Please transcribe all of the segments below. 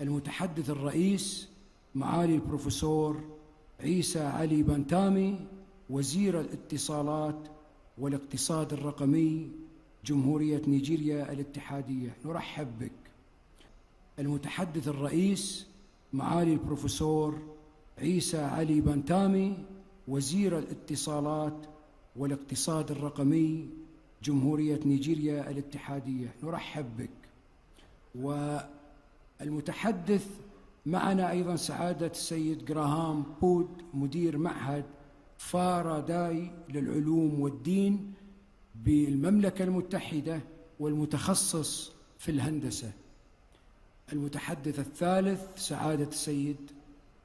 المتحدث الرئيس معالي البروفيسور عيسى علي بنتامي وزير الاتصالات والاقتصاد الرقمي جمهورية نيجيريا الاتحادية نرحب بك المتحدث الرئيس معالي البروفيسور عيسى علي بنتامي وزير الاتصالات والاقتصاد الرقمي جمهورية نيجيريا الاتحادية نرحب بك و المتحدث معنا أيضا سعادة السيد جراهام بود مدير معهد فاراداي للعلوم والدين بالمملكة المتحدة والمتخصص في الهندسة المتحدث الثالث سعادة السيد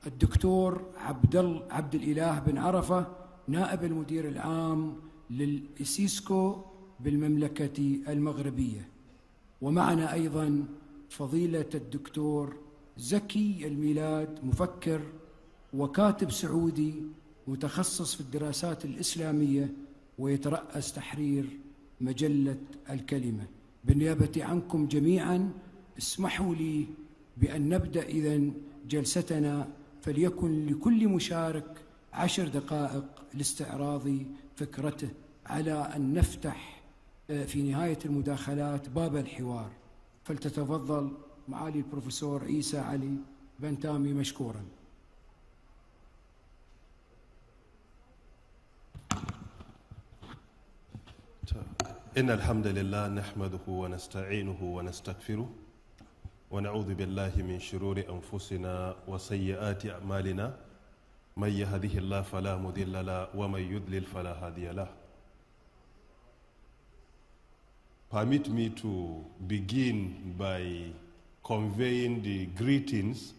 الدكتور عبد عبد الإله بن عرفة نائب المدير العام للإسيسكو بالمملكة المغربية ومعنا أيضا فضيلة الدكتور زكي الميلاد مفكر وكاتب سعودي متخصص في الدراسات الإسلامية ويترأس تحرير مجلة الكلمة بالنيابة عنكم جميعا اسمحوا لي بأن نبدأ إذا جلستنا فليكن لكل مشارك عشر دقائق لاستعراض فكرته على أن نفتح آه، في نهاية المداخلات باب الحوار فلتتفضل معالي البروفيسور عيسى علي بنتامي مشكورا إن الحمد لله نحمده ونستعينه ونستغفره ونعوذ بالله من شرور أنفسنا وسيئات أعمالنا من يهده الله فلا مضل له ومن يضلل فلا هادي له Permit me to begin by conveying the greetings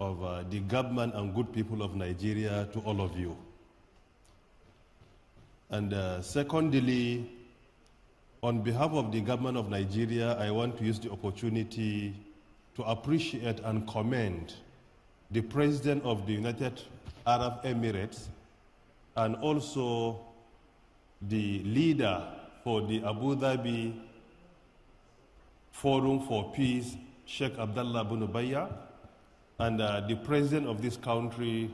of uh, the government and good people of Nigeria to all of you. And uh, secondly, on behalf of the government of Nigeria, I want to use the opportunity to appreciate and commend the President of the United Arab Emirates and also the leader for the Abu Dhabi Forum for Peace, Sheikh Abdullah bin Ubayya, and uh, the president of this country,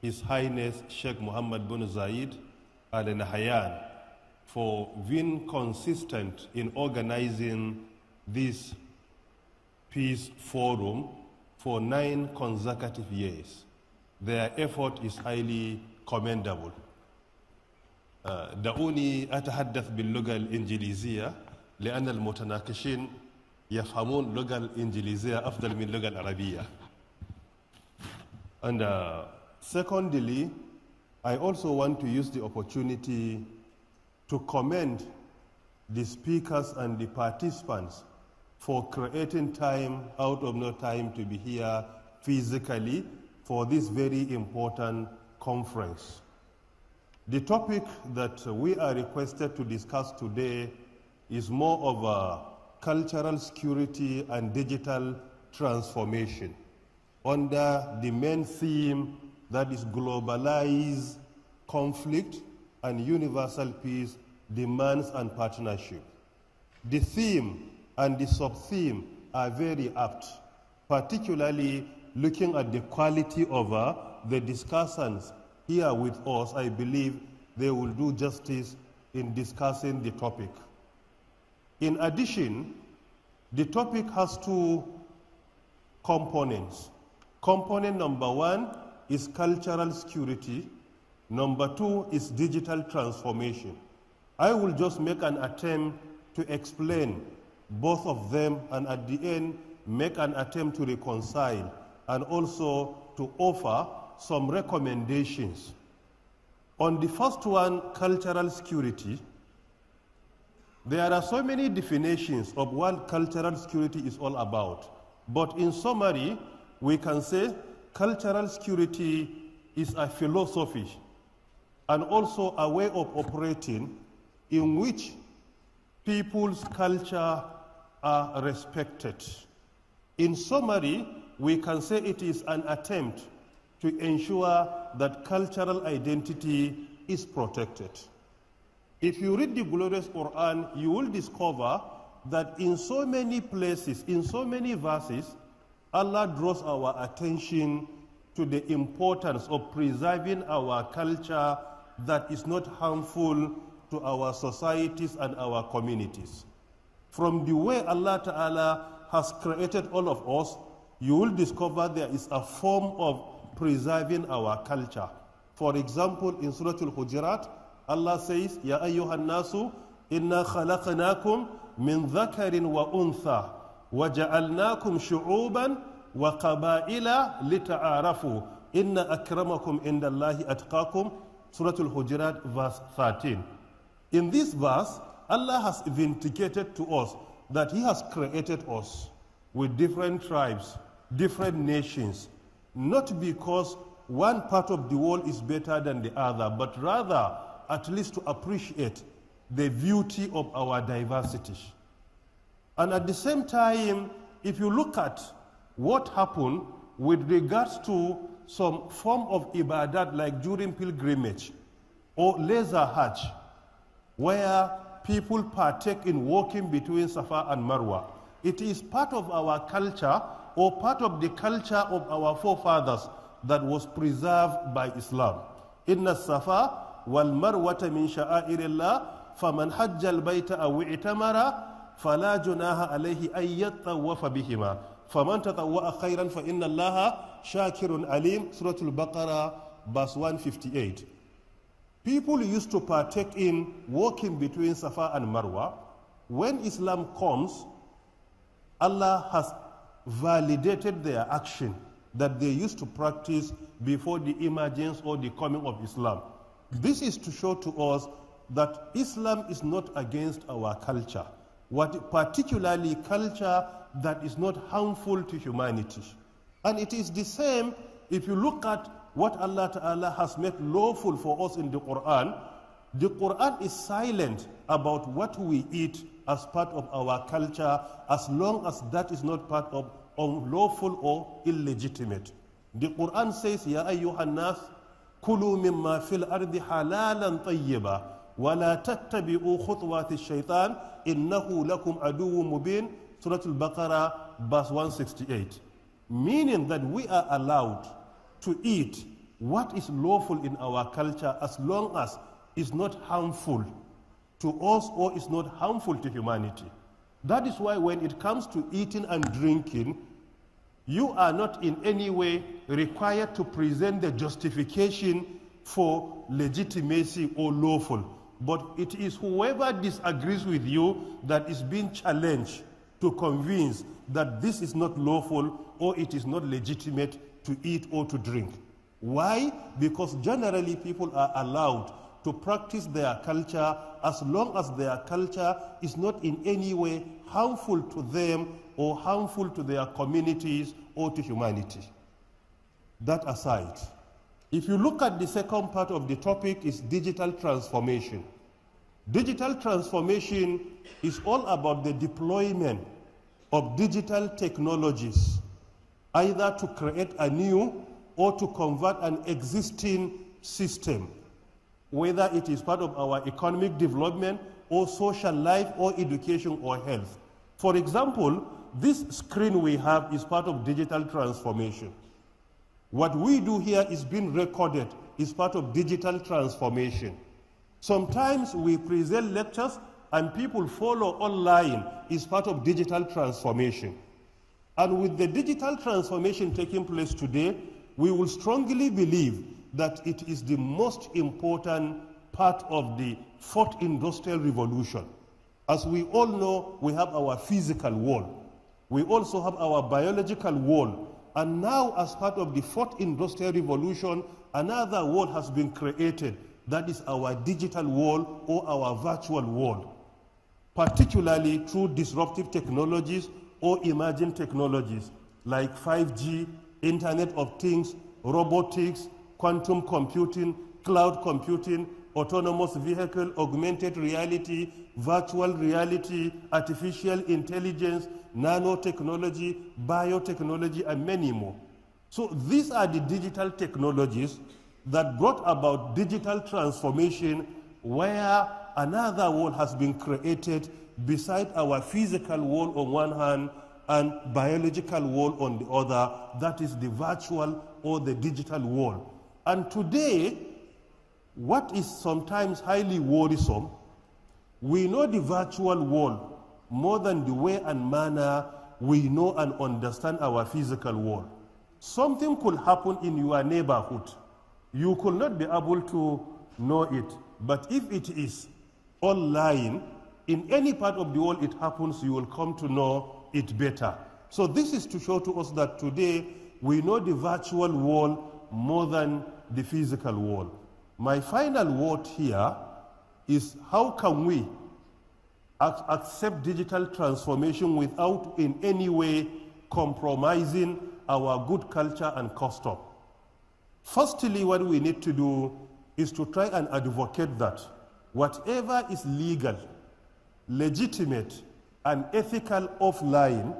His Highness Sheikh Mohammed bin Zayed Al Nahyan, for being consistent in organizing this peace forum for nine consecutive years. Their effort is highly commendable. دعوني أتحدث باللغة الإنجليزية لأن المتناقشين يفهمون اللغة الإنجليزية أفضل من اللغة العربية. And uh, secondly, I also want to use the opportunity to commend the speakers and the participants for creating time out of no time to be here physically for this very important conference. The topic that we are requested to discuss today is more of a cultural security and digital transformation under the main theme that is globalized conflict and universal peace demands and partnership. The theme and the sub-theme are very apt, particularly looking at the quality of uh, the discussants here with us, I believe they will do justice in discussing the topic. In addition, the topic has two components. Component number one is cultural security, number two is digital transformation. I will just make an attempt to explain both of them and at the end make an attempt to reconcile and also to offer some recommendations. On the first one, cultural security, there are so many definitions of what cultural security is all about. But in summary, we can say cultural security is a philosophy and also a way of operating in which people's culture are respected. In summary, we can say it is an attempt to ensure that cultural identity is protected. If you read the glorious Quran, you will discover that in so many places, in so many verses, Allah draws our attention to the importance of preserving our culture that is not harmful to our societies and our communities. From the way Allah Ta'ala has created all of us, you will discover there is a form of preserving our culture. For example, in Surah Al-Hujurat, Allah says, Ya ayyuhan nasu, inna khalaqnakum min dhakarin wa untha, wa ja'alnakum shu'uban wa qaba'ila lita'arafu, inna akramakum indallahi atqakum, Surah Al-Hujurat, verse 13. In this verse, Allah has vindicated to us that He has created us with different tribes, different nations, not because one part of the world is better than the other, but rather at least to appreciate the beauty of our diversity. And at the same time, if you look at what happened with regards to some form of ibadat like during pilgrimage or laser hajj, where people partake in walking between Safa and Marwa, it is part of our culture or part of the culture of our forefathers that was preserved by Islam. Inna إن الصفا والمروة من شعائر الله فمن حج البيت أو اعتمر فلا جناح عليه أن fa بهما فمن تطوع خيرا فإن الله شاكر عليم سورة البقرة verse 158 People used to partake in walking between Safa and Marwa. When Islam comes, Allah has validated their action that they used to practice before the emergence or the coming of Islam. This is to show to us that Islam is not against our culture, what, particularly culture that is not harmful to humanity. And it is the same if you look at what Allah Ta'ala has made lawful for us in the Quran, the Quran is silent about what we eat as part of our culture as long as that is not part of unlawful or illegitimate. The Quran says, Ya ayyuhan nas, kulu mimma fil ardi halalan tayyiba, wa la tattabi'u khutwati shaitan, innahu lakum aduwu mubin, Surah Al-Baqarah, verse 168. Meaning that we are allowed to eat what is lawful in our culture as long as is not harmful to us or is not harmful to humanity. That is why when it comes to eating and drinking, you are not in any way required to present the justification for legitimacy or lawful. But it is whoever disagrees with you that is being challenged to convince that this is not lawful or it is not legitimate to eat or to drink. Why? Because generally people are allowed to practice their culture as long as their culture is not in any way harmful to them or harmful to their communities or to humanity. That aside, if you look at the second part of the topic is digital transformation. Digital transformation is all about the deployment of digital technologies, either to create a new or to convert an existing system whether it is part of our economic development or social life or education or health. For example, this screen we have is part of digital transformation. What we do here is being recorded, is part of digital transformation. Sometimes we present lectures and people follow online is part of digital transformation. And with the digital transformation taking place today, we will strongly believe that it is the most important part of the fourth industrial revolution. As we all know, we have our physical world. We also have our biological world. And now, as part of the fourth industrial revolution, another world has been created. That is our digital world or our virtual world, particularly through disruptive technologies or emerging technologies like 5G, Internet of Things, robotics, quantum computing, cloud computing, autonomous vehicle, augmented reality, virtual reality, artificial intelligence, nanotechnology, biotechnology, and many more. So these are the digital technologies that brought about digital transformation where another world has been created beside our physical world on one hand and biological world on the other, that is the virtual or the digital world. And today, what is sometimes highly worrisome, we know the virtual world more than the way and manner we know and understand our physical world. Something could happen in your neighborhood. You could not be able to know it. But if it is online, in any part of the world it happens, you will come to know it better. So this is to show to us that today we know the virtual world more than the physical world. My final word here is how can we ac accept digital transformation without in any way compromising our good culture and custom? Firstly, what we need to do is to try and advocate that whatever is legal, legitimate, and ethical offline,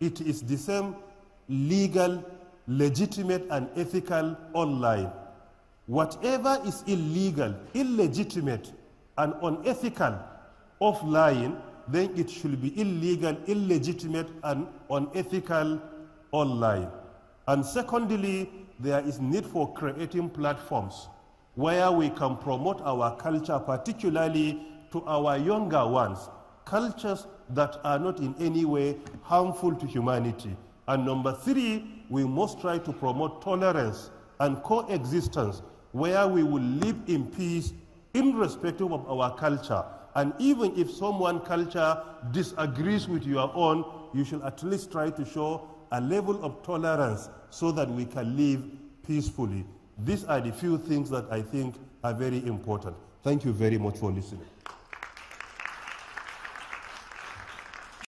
it is the same legal, legitimate, and ethical online whatever is illegal, illegitimate, and unethical of lying, then it should be illegal, illegitimate, and unethical online. And secondly, there is need for creating platforms where we can promote our culture, particularly to our younger ones, cultures that are not in any way harmful to humanity. And number three, we must try to promote tolerance and coexistence where we will live in peace irrespective of our culture. And even if someone culture disagrees with your own, you should at least try to show a level of tolerance so that we can live peacefully. These are the few things that I think are very important. Thank you very much for listening.